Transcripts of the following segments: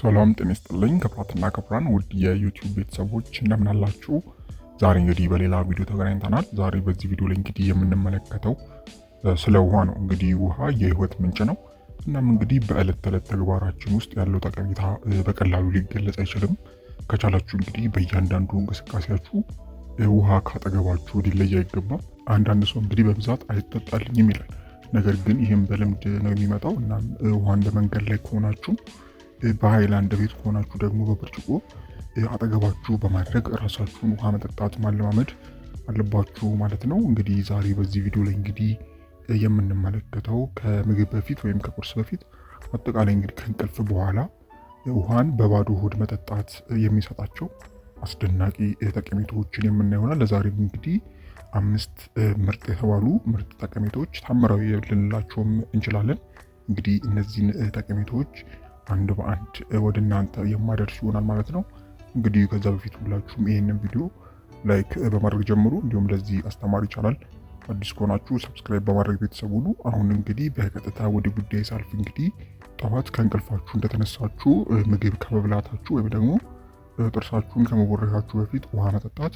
ሰላም ጤና ይስጥልኝ ክቡራትና ክቡራን ውድ የዩቲዩብ ቤተሰቦች እንደምን አላችሁ? ዛሬ እንግዲህ በሌላ ቪዲዮ ተገናኝተናል። ዛሬ በዚህ ቪዲዮ ላይ እንግዲህ የምንመለከተው ስለ ውሃ ነው። እንግዲህ ውሃ የህይወት ምንጭ ነው። እናም እንግዲህ በዕለት ተዕለት ተግባራችን ውስጥ ያለው ጠቀሜታ በቀላሉ ሊገለጽ አይችልም። ከቻላችሁ እንግዲህ በእያንዳንዱ እንቅስቃሴያችሁ ውሃ ካጠገባችሁ ሊለይ አይገባም። አንዳንድ ሰው እንግዲህ በብዛት አይጠጣልኝም ይላል። ነገር ግን ይህም በልምድ ነው የሚመጣው። እናም ውሃን በመንገድ ላይ ከሆናችሁም በሃይላንድ ቤት ከሆናችሁ ደግሞ በብርጭቆ አጠገባችሁ በማድረግ ራሳችሁን ውሃ መጠጣት ማለማመድ አለባችሁ ማለት ነው። እንግዲህ ዛሬ በዚህ ቪዲዮ ላይ እንግዲህ የምንመለከተው ከምግብ በፊት ወይም ከቁርስ በፊት አጠቃላይ እንግዲህ ከእንቅልፍ በኋላ ውሃን በባዶ ሆድ መጠጣት የሚሰጣቸው አስደናቂ ጠቀሜታዎችን የምናይ ይሆናል። ለዛሬም እንግዲህ አምስት ምርጥ የተባሉ ምርጥ ጠቀሜታዎች ታምራዊ ልንላቸውም እንችላለን። እንግዲህ እነዚህን ጠቀሜታዎች አንድ በአንድ ወደ እናንተ የማደርስ ይሆናል ማለት ነው። እንግዲህ ከዛ በፊት ሁላችሁም ይህንን ቪዲዮ ላይክ በማድረግ ጀምሩ። እንዲሁም ለዚህ አስተማሪ ቻናል አዲስ ከሆናችሁ ሰብስክራይብ በማድረግ ቤተሰብ ሁሉ። አሁን እንግዲህ በቀጥታ ወደ ጉዳይ ሳልፍ እንግዲህ ጠዋት ከእንቅልፋችሁ እንደተነሳችሁ ምግብ ከመብላታችሁ ወይም ደግሞ ጥርሳችሁን ከመቦረሻችሁ በፊት ውሃ መጠጣት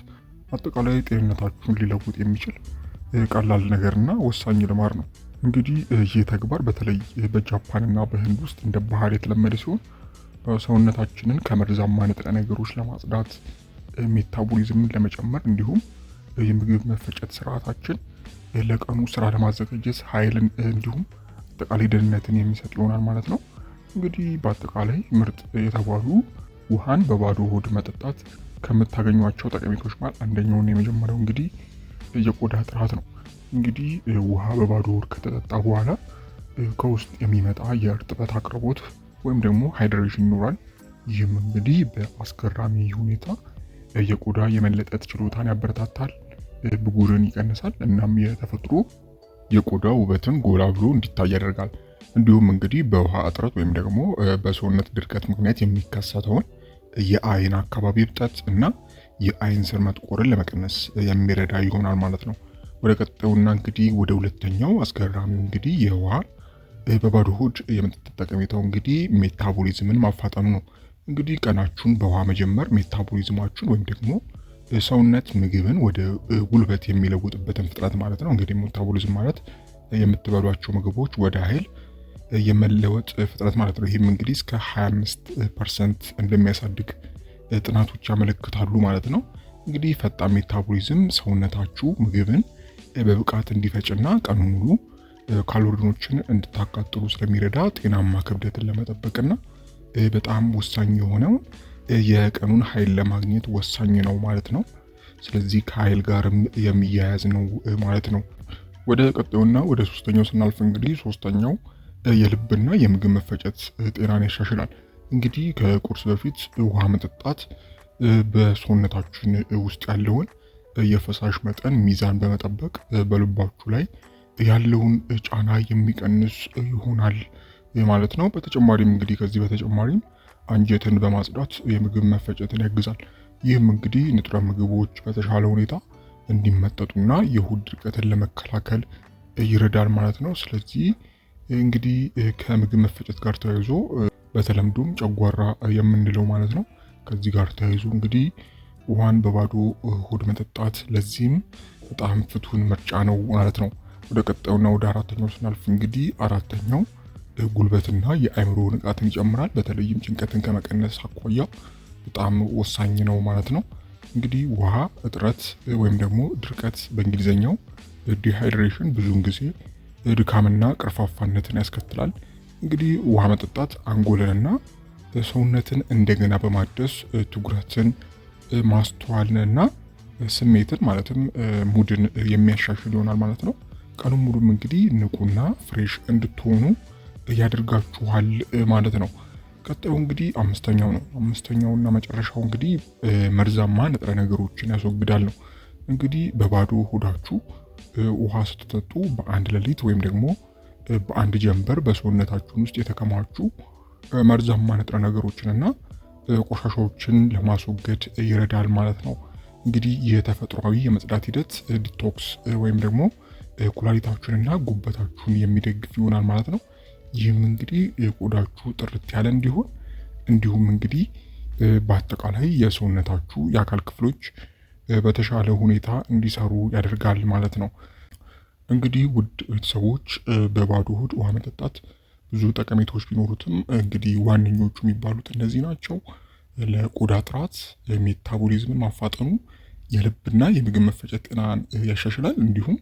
አጠቃላይ ጤንነታችሁን ሊለውጥ የሚችል ቀላል ነገርና ወሳኝ ልማድ ነው። እንግዲህ ይህ ተግባር በተለይ በጃፓንና በህንድ ውስጥ እንደ ባህል የተለመደ ሲሆን ሰውነታችንን ከመርዛማ ንጥረ ነገሮች ለማጽዳት፣ ሜታቦሊዝምን ለመጨመር እንዲሁም የምግብ መፈጨት ስርዓታችን ለቀኑ ስራ ለማዘጋጀት ኃይልን እንዲሁም አጠቃላይ ደህንነትን የሚሰጥ ይሆናል ማለት ነው። እንግዲህ በአጠቃላይ ምርጥ የተባሉ ውሃን በባዶ ሆድ መጠጣት ከምታገኟቸው ጠቀሜቶች መሃል አንደኛውን የመጀመሪያው እንግዲህ የቆዳ ጥራት ነው። እንግዲህ ውሃ በባዶ ሆድ ከተጠጣ በኋላ ከውስጥ የሚመጣ የእርጥበት አቅርቦት ወይም ደግሞ ሃይድሬሽን ይኖራል። ይህም እንግዲህ በአስገራሚ ሁኔታ የቆዳ የመለጠት ችሎታን ያበረታታል፣ ብጉርን ይቀንሳል፣ እናም የተፈጥሮ የቆዳ ውበትን ጎላ ብሎ እንዲታይ ያደርጋል። እንዲሁም እንግዲህ በውሃ እጥረት ወይም ደግሞ በሰውነት ድርቀት ምክንያት የሚከሰተውን የአይን አካባቢ እብጠት እና የአይን ስር መጥቆርን ለመቀነስ የሚረዳ ይሆናል ማለት ነው። ወደ ቀጣዩና እንግዲህ ወደ ሁለተኛው አስገራሚ እንግዲህ የውሃ በባዶ ሆድ የመጠጥ ጠቀሜታው እንግዲህ ሜታቦሊዝምን ማፋጠኑ ነው። እንግዲህ ቀናችሁን በውሃ መጀመር ሜታቦሊዝማችሁን ወይም ደግሞ ሰውነት ምግብን ወደ ጉልበት የሚለውጥበትን ፍጥረት ማለት ነው። እንግዲህ ሜታቦሊዝም ማለት የምትበሏቸው ምግቦች ወደ ኃይል የመለወጥ ፍጥረት ማለት ነው። ይህም እንግዲህ እስከ 25 ፐርሰንት እንደሚያሳድግ ጥናቶች ያመለክታሉ ማለት ነው። እንግዲህ ፈጣን ሜታቦሊዝም ሰውነታችሁ ምግብን በብቃት እንዲፈጭና ቀኑን ሙሉ ካሎሪኖችን እንድታቃጥሉ ስለሚረዳ ጤናማ ክብደትን ለመጠበቅና በጣም ወሳኝ የሆነውን የቀኑን ኃይል ለማግኘት ወሳኝ ነው ማለት ነው። ስለዚህ ከኃይል ጋር የሚያያዝ ነው ማለት ነው። ወደ ቀጣዩና ወደ ሶስተኛው ስናልፍ እንግዲህ ሶስተኛው የልብና የምግብ መፈጨት ጤናን ያሻሽላል። እንግዲህ ከቁርስ በፊት ውሃ መጠጣት በሰውነታችን ውስጥ ያለውን የፈሳሽ መጠን ሚዛን በመጠበቅ በልባችሁ ላይ ያለውን ጫና የሚቀንስ ይሆናል ማለት ነው። በተጨማሪም እንግዲህ ከዚህ በተጨማሪም አንጀትን በማጽዳት የምግብ መፈጨትን ያግዛል። ይህም እንግዲህ ንጥረ ምግቦች በተሻለ ሁኔታ እንዲመጠጡና የሆድ ድርቀትን ለመከላከል ይረዳል ማለት ነው። ስለዚህ እንግዲህ ከምግብ መፈጨት ጋር ተያይዞ በተለምዶም ጨጓራ የምንለው ማለት ነው። ከዚህ ጋር ተያይዞ እንግዲህ ውሃን በባዶ ሆድ መጠጣት ለዚህም በጣም ፍቱን ምርጫ ነው ማለት ነው። ወደ ቀጣዩና ወደ አራተኛው ስናልፍ እንግዲህ አራተኛው ጉልበትና የአእምሮ ንቃትን ይጨምራል። በተለይም ጭንቀትን ከመቀነስ አኳያ በጣም ወሳኝ ነው ማለት ነው። እንግዲህ ውሃ እጥረት ወይም ደግሞ ድርቀት በእንግሊዝኛው ዲሃይድሬሽን ብዙውን ጊዜ ድካምና ቅርፋፋነትን ያስከትላል። እንግዲህ ውሃ መጠጣት አንጎልንና ሰውነትን እንደገና በማደስ ትኩረትን ማስተዋልን እና ስሜትን ማለትም ሙድን የሚያሻሽል ይሆናል ማለት ነው። ቀኑ ሙሉም እንግዲህ ንቁና ፍሬሽ እንድትሆኑ ያደርጋችኋል ማለት ነው። ቀጣዩ እንግዲህ አምስተኛው ነው። አምስተኛውና መጨረሻው እንግዲህ መርዛማ ንጥረ ነገሮችን ያስወግዳል ነው። እንግዲህ በባዶ ሆዳችሁ ውሃ ስትጠጡ በአንድ ሌሊት ወይም ደግሞ በአንድ ጀንበር በሰውነታችሁን ውስጥ የተከማችሁ መርዛማ ንጥረ እና ቆሻሻዎችን ለማስወገድ ይረዳል ማለት ነው። እንግዲህ የተፈጥሯዊ የመጽዳት ሂደት ዲቶክስ ወይም ደግሞ ኩላሊታችሁንና ጉበታችሁን የሚደግፍ ይሆናል ማለት ነው። ይህም እንግዲህ ቆዳችሁ ጥርት ያለ እንዲሆን እንዲሁም እንግዲህ በአጠቃላይ የሰውነታችሁ የአካል ክፍሎች በተሻለ ሁኔታ እንዲሰሩ ያደርጋል ማለት ነው። እንግዲህ ውድ ቤተሰቦች በባዶ ሆድ ውሃ መጠጣት ብዙ ጠቀሜታዎች ቢኖሩትም እንግዲህ ዋነኞቹ የሚባሉት እነዚህ ናቸው። ለቆዳ ጥራት፣ ሜታቦሊዝምን ማፋጠኑ፣ የልብና የምግብ መፈጨት ጤናን ያሻሽላል። እንዲሁም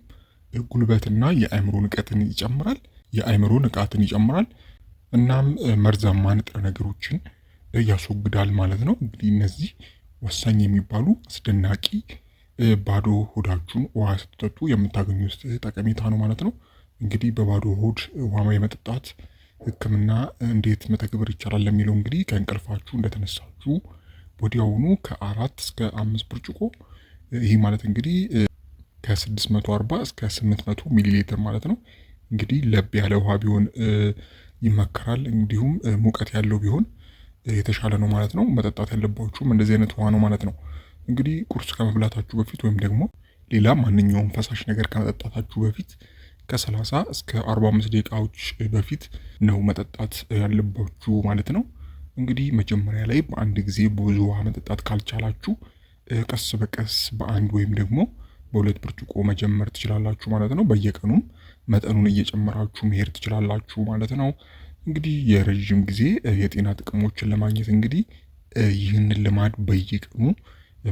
ጉልበትና የአእምሮ ንቀትን ይጨምራል የአእምሮ ንቃትን ይጨምራል። እናም መርዛማ ንጥረ ነገሮችን ያስወግዳል ማለት ነው። እንግዲህ እነዚህ ወሳኝ የሚባሉ አስደናቂ ባዶ ሆዳችሁን ውሃ ስትጠጡ የምታገኙት ጠቀሜታ ነው ማለት ነው። እንግዲህ በባዶ ሆድ ውሃ የመጠጣት ህክምና እንዴት መተግበር ይቻላል ለሚለው እንግዲህ ከእንቅልፋችሁ እንደተነሳችሁ ወዲያውኑ ከአራት እስከ አምስት ብርጭቆ ይህ ማለት እንግዲህ ከ640 እስከ 800 ሚሊ ሊትር ማለት ነው እንግዲህ ለብ ያለ ውሃ ቢሆን ይመከራል። እንዲሁም ሙቀት ያለው ቢሆን የተሻለ ነው ማለት ነው። መጠጣት ያለባችሁም እንደዚህ አይነት ውሃ ነው ማለት ነው። እንግዲህ ቁርስ ከመብላታችሁ በፊት ወይም ደግሞ ሌላ ማንኛውም ፈሳሽ ነገር ከመጠጣታችሁ በፊት ከ30 እስከ 45 ደቂቃዎች በፊት ነው መጠጣት ያለባችሁ ማለት ነው። እንግዲህ መጀመሪያ ላይ በአንድ ጊዜ ብዙ ውሃ መጠጣት ካልቻላችሁ ቀስ በቀስ በአንድ ወይም ደግሞ በሁለት ብርጭቆ መጀመር ትችላላችሁ ማለት ነው። በየቀኑም መጠኑን እየጨመራችሁ መሄድ ትችላላችሁ ማለት ነው። እንግዲህ የረዥም ጊዜ የጤና ጥቅሞችን ለማግኘት እንግዲህ ይህንን ልማድ በየቀኑ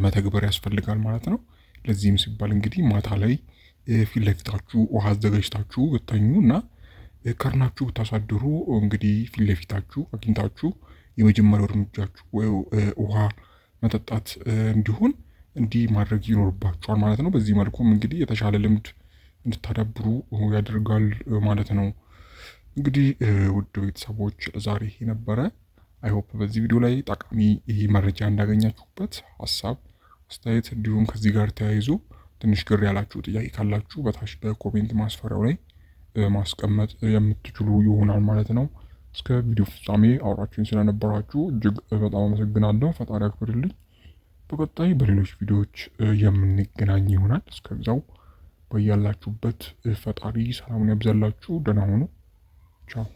መተግበር ያስፈልጋል ማለት ነው። ለዚህም ሲባል እንግዲህ ማታ ላይ ፊት ለፊታችሁ ውሃ አዘጋጅታችሁ ብተኙ እና ከርናችሁ ብታሳድሩ እንግዲህ ፊት ለፊታችሁ አግኝታችሁ የመጀመሪያው እርምጃችሁ ውሃ መጠጣት እንዲሆን እንዲህ ማድረግ ይኖርባችኋል ማለት ነው። በዚህ መልኩም እንግዲህ የተሻለ ልምድ እንድታዳብሩ ያደርጋል ማለት ነው። እንግዲህ ውድ ቤተሰቦች ዛሬ ነበረ። አይሆፕ በዚህ ቪዲዮ ላይ ጠቃሚ መረጃ እንዳገኛችሁበት ሀሳብ አስተያየት፣ እንዲሁም ከዚህ ጋር ተያይዞ ትንሽ ግር ያላችሁ ጥያቄ ካላችሁ በታች በኮሜንት ማስፈሪያው ላይ ማስቀመጥ የምትችሉ ይሆናል ማለት ነው። እስከ ቪዲዮ ፍጻሜ አውራችሁን ስለነበራችሁ እጅግ በጣም አመሰግናለሁ። ፈጣሪ አክብርልኝ። በቀጣይ በሌሎች ቪዲዮዎች የምንገናኝ ይሆናል። እስከዛው በያላችሁበት ፈጣሪ ሰላሙን ያብዛላችሁ። ደህና ሁኑ። ቻው